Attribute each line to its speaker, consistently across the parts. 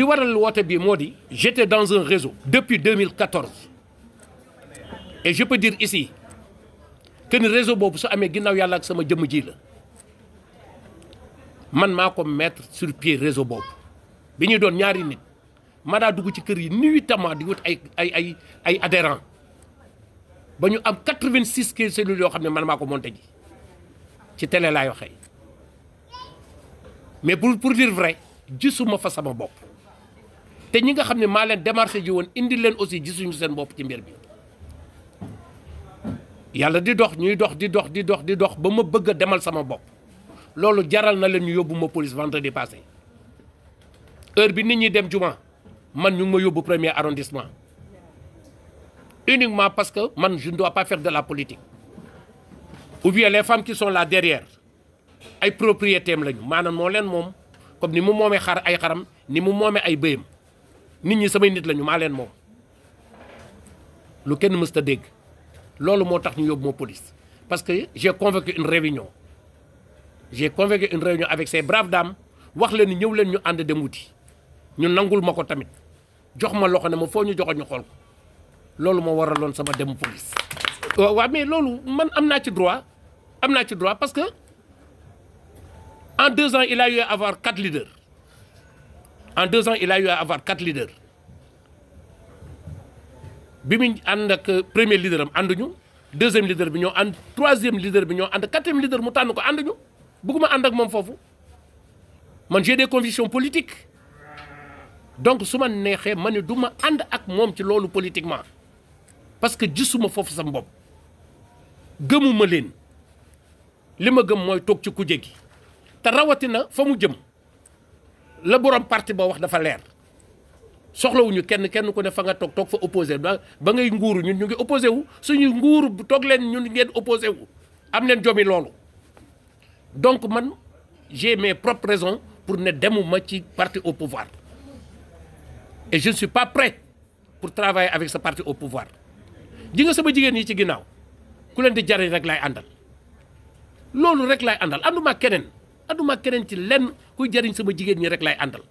Speaker 1: li waral woote bii moo di j'étais dans un réseau depuis 2014 et je peux dire ici que réseau boobu su amee ginnaaw yàlla ak sama jëmm ji la man maa ko mettre sur pied réseau boobu bi ñuy doon ñaari nit ma daa dugg ci kër yi nuitamment di wut ay ay ay ay adhérents ba ñu am 86 kër cellules yoo xam ne man maa ko monté ji ci télé laay mais pour pour dire vrai ma fa sama bopp te ñi nga xam ne maa leen démarché ji woon indi leen aussi gisuñu seen bopp ci mbir bi yàlla di dox ñuy dox di dox di dox di dox ba ma bëgg demal sama bopp loolu jaral na leen ñu yóbbu ma police vendredi passé heure bi nit ñi dem juma man ñu ngi ma yóbbu premier arrondissement uniquement parce que man je ne dois pas de la politique ou bien les femmes qui sont là derrière ay propriété am lañu maanaam moo leen moom comme ni mu moomee xar ay xaram ni mu moomee ay bëyam nit ñi samay nit lañu maa leen moom lu kenn mësta dégg loolu moo tax ñu yóbbu ma police parce que j'ai convoqué une réunion j'ai convoqué une réunion avec ces braves daam waxleen leen ni ñëw leen ñu ànd dem wuti ñu nangul ma ko tamit jox ma loxo ne ma foo ñu joxoon ñu xool ko loolu moo waraloon sama dem police. waaw waaw loolu man am naa ci droit am naa ci droit parce que en deux ans il a eu avoir quatre leaders. en deux ans il a eu à quatre leaders bi mu ànd ak premier leader am ànduñu deuxième leader bi ñoo ànd troisième leader bi ñoo ànd quatrième leader mu tànn ko ànduñu bëgguma ànd ak moom foofu man j'ai des convictions politiques donc su ma neexee ma ne duma ànd ak moom ci loolu politiquement parce que gisuma foofu sam mbopp gëmuma leen li ma gëm mooy toog ci kuje gi te rawatina fa mu jëm. la borom parti ba wax dafa leer soxlawuñu kenn kenn ku ne fa nga toog toog fa opposé ba ba ngay nguuru ñun ñu ngi opposé wu suñu nguuru toog leen ñun ngeen opposé wu am leen jomi loolu donc man j'ai mes propres raisons pour ne demu ma ci parti au pouvoir et je ne suis pas prêt pour travailler avec sa parti au pouvoir ji nga sama jigéen ñi ci ginnaaw ku leen di jariñ rek laay àndal loolu rek laay àndal maa keneen. adduma keneen ci lenn kuy jëriñ sama jigéen ñi rek lay àndal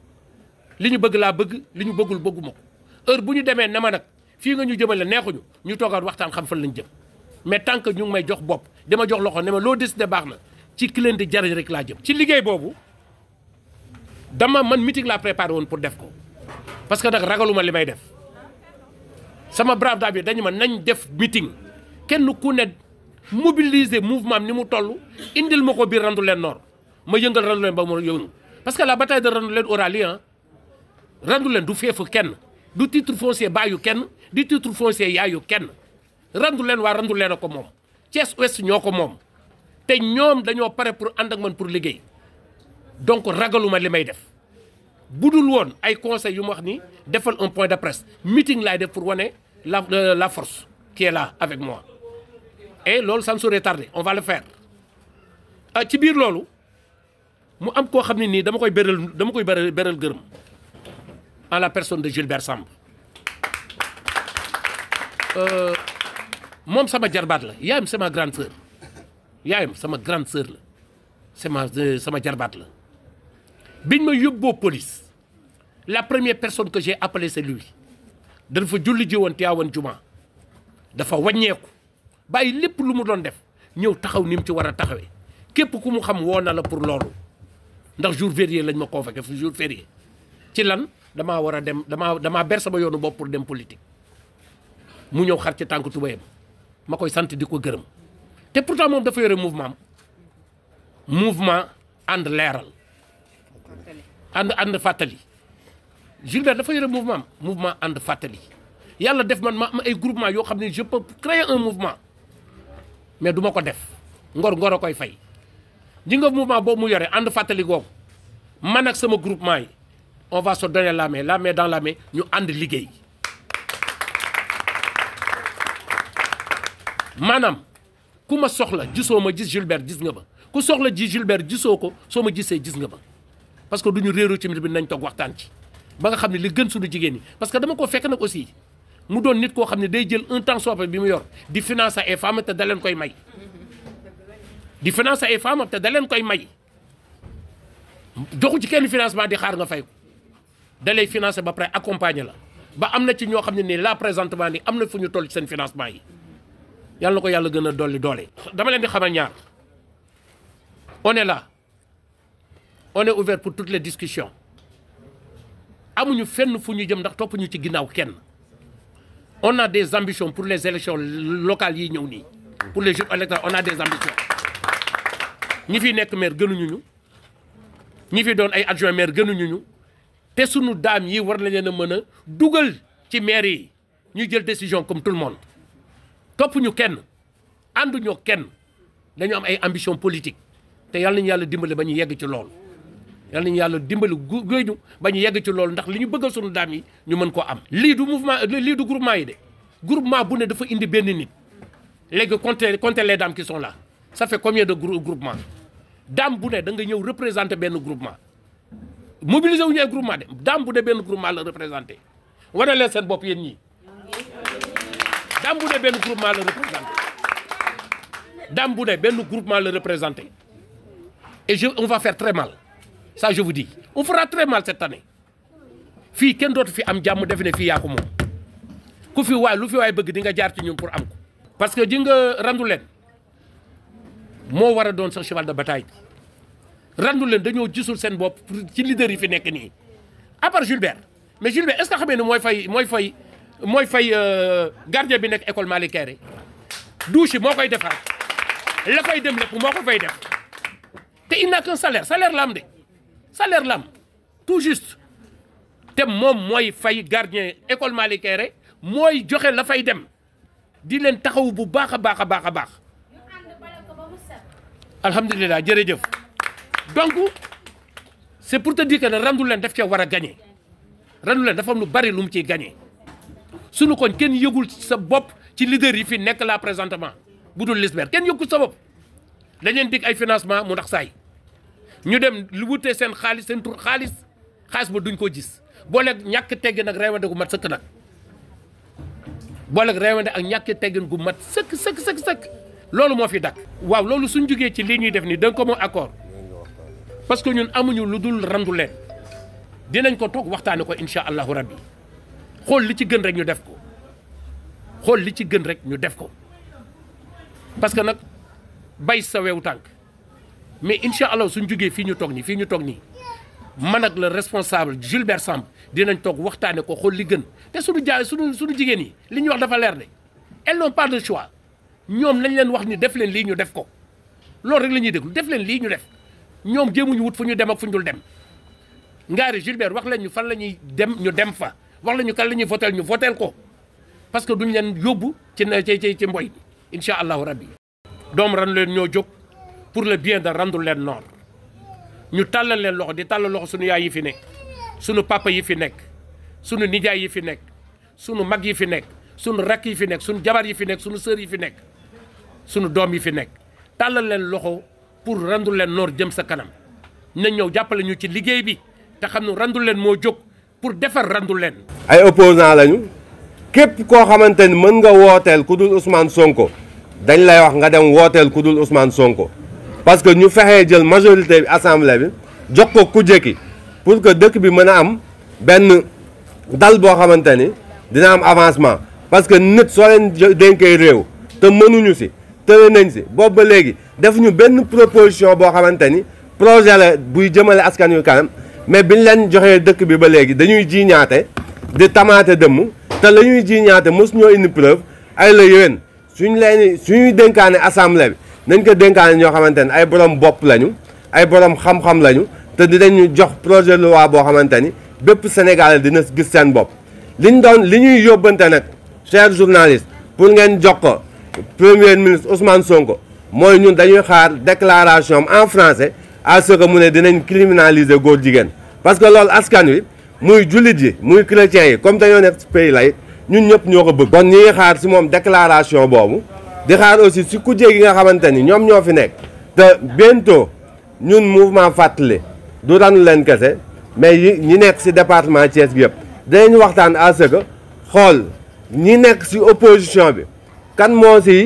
Speaker 1: li ñu bëgg laa bëgg li ñu bëggul bëgguma ko heure bu ñu demee ne ma nag fii nga ñu jëmale neexuñu ñu toogaat waxtaan xam fan lañ jëm mais tant que ñu ngi may jox bopp dama jox loxo ne ma loo décidé baax na ci kileen leen di jëriñ rek laa jëm. ci liggéey boobu dama man meeting laa préparé woon pour def ko parce que nag ragaluma li may def sama brave dame dañu ma nañ def meeting kenn ku ne mobiliser mouvement ni mu toll indil ma ko biir Randoulène Nord. ma yëngal Randoulène ba mu yëngu parce que la bataille de Randoulène aura lieu Randoulène du feefu kenn du titre foncier baayu kenn du titre foncier yaayu kenn Randoulène waa Randoulène a ko moom Thiès Ouest ñoo ko moom te ñoom dañoo pare pour ànd ak man pour liggéey donc ragaluma li may def bu dul woon ay conseils yu ma wax ni defal un point de presse meeting laay def pour wane la euh, la force qui est là avec moi et loolu ça ne saurait on va le faire euh, ci biir loolu. mu am koo xam ne nii dama koy beral dama koy beral beral gërëm à la personne de Gilbert Samb euh, moom sama jarbaat la yaayam sama grande sœur yaayam sama grande sœur la sama euh, sama jarbaat la biñ ma yóbboo police la première personne que j'ai appelée c'est da dafa julli ji woon Tiwaawan juma dafa wàññeeku bàyyi lépp lu mu doon def ñëw taxaw ni mu ci war a taxawee képp ku mu xam woo na la pour loolu ndax jour férié lañ ma convoqué fu jour férié ci lan damaa war a dem damaa damaa ber sama yoonu bopp pour dem politique mu ñëw xar ci tànk tubayam ma koy sant di ko gërëm te pourtant moom dafa yore mouvement mouvement ànd leeral ànd ànd fàttali Gilbert dafa yore mouvement mouvement ànd fàttali yàlla def man ma am ay groupement yoo xam ne je peux créer un mouvement mais duma ko def ngor ngor a koy fay ñi nga mouvement boobu mu yore ànd fàttali googu man ak sama groupement yi on va se donner la main la main dans la mai ñu ànd liggéey maanaam ku ma soxla gisoo ma gis Gilbert gis nga ba ku soxla ji Gilbert jisoo ko soo ma jisee jis nga ba parce que du ñu réeroo ci mbir bi nañ toog waxtaan ci ba nga xam ne li gën suñu jigéen ñi parce que dama ko fekk nag aussi mu doon nit koo xam ne day jël un temps soppe bi mu yor di financer ay femmes te leen koy may. di financer ay femmes am te da leen koy may joxu ci kenn financement di xaar nga fay ko da lay financer ba pare accompagner la ba am na ci ñoo xam ne nii là présentement ni am na fu ñu toll ci seen financement yi yàlla ko yàlla gën a dolli doole. dama leen di xamal ñaar on est là on est ouvert pour toutes les discussions amuñu fenn fu ñu jëm ndax topp ñu ci ginnaaw kenn on a des ambitions pour les élections locales yi ñëw nii pour les jeux électoraux on a des ñi fi nekk maire gënuñu ñu ñi fi doon ay adjoint maire gënuñu ñu te sunu daam yi war na leen a mën a dugal ci maire yi ñuy jël décision comme tout le monde topp ñu kenn ànduñoo kenn dañu am ay ambition politique te yàlla nañu yàlla dimbali ba ñu yegg ci loolu yàlla nañu yàlla dimbali gu géeju ba ñu yegg ci loolu ndax li ñu bëggal sunu daam yi ñu mën ko am. lii du mouvement lii du groupement yi de groupement bu ne dafa indi benn nit léegi comptez comptez les dames qui sont là ça fait combien daam bu ne da nga ñëw représenté benn groupement mobilisé wu ñu ay groupement de daam bu benn groupement la représenté wane leen seen bopp yéen ñii daam bu benn groupement la représenté daam bu benn groupement la représenté et je on va faire très mal ça je vous dis on fera très mal cette année fii kenn dootu fi am jàmm defe ne fii yaa ko ku fi waay lu fi waay bëgg di nga jaar ci ñun pour am ko parce que ji nga randu leen moo war a doon sa cheval de bataille bi randu leen dañoo gisul seen bopp ci leader yi fi nekk nii à part mais Gilbert est-ce que xamee ne mooy fay mooy fay mooy fay euh, gardien bi nekk école Malick Kéré douche moo koy defar la fay dem lépp moo ko fay def te il n'a qu'un salaire salaire la de salaire la am tout juste te moom mooy fay gardien école Malick Kéré mooy joxe la fay dem di leen taxaw bu baax a baax a baax a baax. alhamdulilah jërëjëf donc c' est pour te di que ne randu leen daf cee war a gagné randu leen dafa lu bari lu mu ciy gagné suñu koñ kenn yëgul sa bopp ci leader yi fi nekk la présentement bu du Lisbeth kenn yëgul sa bopp dañ leen ay financement mu ndax saay ñu dem lu wutee seen xaalis seen tur xaalis xaalis ba duñ ko gis booleeg ñàkk teggin ak reewande gu mat sëkk nag booleeg reewande ak ñàkk teggin gu mat sëkk sëkk sëkk sëkk loolu moo fi dakk waaw loolu suñ jógee ci lii ñuy def nii da ko moom accord parce que ñun amuñu lu dul randu leen dinañ ko toog waxtaane ko insha allahu rabbi xool li ci gën rek ñu def ko xool li ci gën rek ñu def ko parce que nag bay sa wewu tànk mais incha allah suñ jógee fii ñu toog nii fii ñu toog nii man ak la responsable Gilbert Samb dinañ toog waxtaane ko xool li gën te suñu jaay suñu suñu jigéen yi li ñuy wax dafa leer de elles n'ont pas de choix ñoom nañ leen wax ni def leen lii ñu def ko loolu rek la ñuy déglu def leen lii ñu def ñoom gémmuñu wut fu ñu dem ak fu ñu dem ngaari Gilbert wax leen ñu fan la ñuy dem ñu dem fa wax la ñu kan la ñuy votel ñu votel ko parce que duñ leen yóbbu ci ci ci mboy bi incha allahu rabbi doom ran leen ñoo jóg pour le bien de rendu leen noor ñu tàllal leen loxo di tàllal loxo suñu yaay yi fi nekk suñu papa yi fi nekk suñu nijaay yi fi nekk suñu mag yi fi nekk suñu rakk yi fi nekk suñu jabar yi fi nekk suñu sœur yi fi nekk sunu doom yi fi nekk tàllal leen loxo pour randu leen noor jëm sa kanam na ñëw jàppale ñu ci liggéey bi te xam nu randu leen moo jóg pour defar randu leen.
Speaker 2: ay opposants lañu képp koo xamante ni mën nga wooteel ku dul usmaan Sonko dañ lay wax nga dem wooteel ku dul usmaan Sonko parce que ñu fexee jël majorité bi assemblée bi jox ko ku jëkki pour que dëkk bi mën a am benn dal boo xamante ni dina am avancement parce que nit soo leen dénkee réew te mënuñu si. tëral nañ si boobu ba léegi def ñu benn proposition boo xamante ni projet la buy jëmale askan yu kanam mais biñ leen joxee dëkk bi ba léegi dañuy jiiñaate di tamaate dëmm te la ñuy jiiñaate mos ñoo indi preuve ay la yéen suñ leen suñuy dénkaane assemblée bi nañ ko dénkaane ñoo xamante ni ay borom bopp lañu ay borom xam-xam lañu te dinañu jox projet de boo xamante ni bépp Sénégalais dina gis seen bopp liñ doon li ñuy yóbbante nag cher journaliste pour ngeen jox ko premier ministre Ousmane Sonko mooy ñun dañuy xaar declaration en français à que mu ne dinañ criminaliser góor jigéen parce que loolu askan wi muy jullit yi muy chrétiens yi comme dañoo nekk pays lay ñun ñëpp ñoo ko bëgg. kon ñu xaar si moom déclaration boobu di xaar aussi si kuje gi nga xamante ni ñoom ñoo fi nekk te bientôt ñun mouvement fàttali du ranu leen kese mais yi ñi nekk si département Thiès bi yëpp dinañ waxtaan à ce xool ñi nekk si opposition bi. kan moo si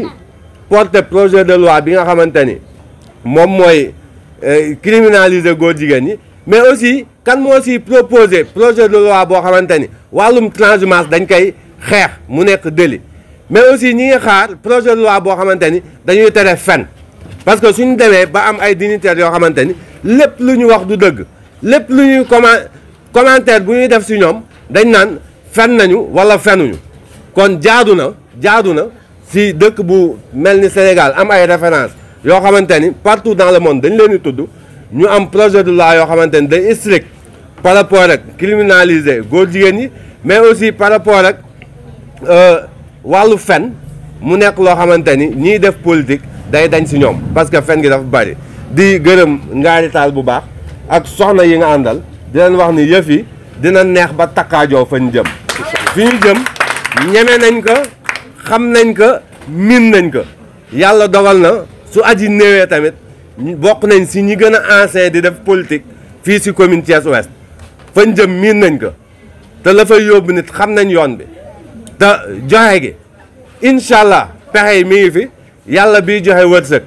Speaker 2: porte projet de loi bi nga xamante ni moom mooy euh, criminaliser góor jigéen ñi mais aussi kan moo si proposer projet de loi boo xamante ni wàllum transhumance dañ koy xeex mu nekk délit mais aussi ñi ngi xaar projet de loi boo xamante ni dañuy tere fen parce que suñ demee ba am ay dignitaires yoo xamante ni lépp lu ñu wax du dëgg lépp lu ñuy comment commentaire bu ñuy def si ñoom dañ naan fen nañu wala fenuñu kon jaadu na jaadu na si dëkk bu mel ni Sénégal am ay références yoo xamante ni partout dans le monde dañ leen di tudd ñu am projet de loi yoo xamante ni day strict par rapport ak criminaliser góor jigéen yi mais aussi par rapport ak euh, wàllu fen mu nekk loo xamante ni ñiy def politique day dañ si ñoom parce que fen gi dafa bari di gërëm ngaari taal bu baax ak soxna yi nga àndal di leen wax ni yëf yi dina neex ba takkaajoo fa ñu jëm fi ñu jëm ñeme nañ ko xam nañ ko miin nañ ko yàlla dogal na su aji néewee tamit bokk nañ si ñi gën a ancien di def politique fii si commune Thiès Ouest fañ jëm miin nañ ko te la fay yóbbu nit xam nañ yoon bi te joxe gi incha allah pexe yi mi fi yàlla biy joxe wërsëg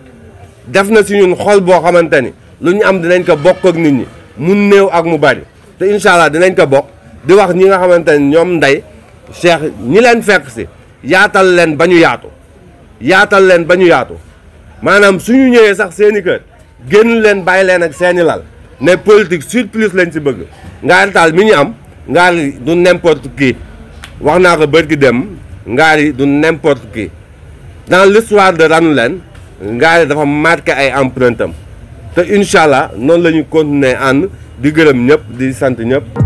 Speaker 2: def na si ñun xol boo xamante ni lu ñu am dinañ ko bokk ak nit ñi mu néew ak mu bari te incha allah dinañ ko bokk di wax ñi nga xamante ni ñoom ndey Cheikh ñi leen fekk si. yaatal leen ba ñu yaatu yaatal leen ba ñu yaatu maanaam suñu ñëwee sax seeni kër génn leen bàyyi leen ak seeni lal ne politique surplus lañ ci bëgg ngaari taal mi ñu am ngaari du n'importe kii wax naa ko bër gi dem ngaari du n'importe kii dans l'histoire de leen ngaari dafa marqué ay empreinte am te incha allah noonu la ñu continuer ànd di gërëm ñëpp di sant ñëpp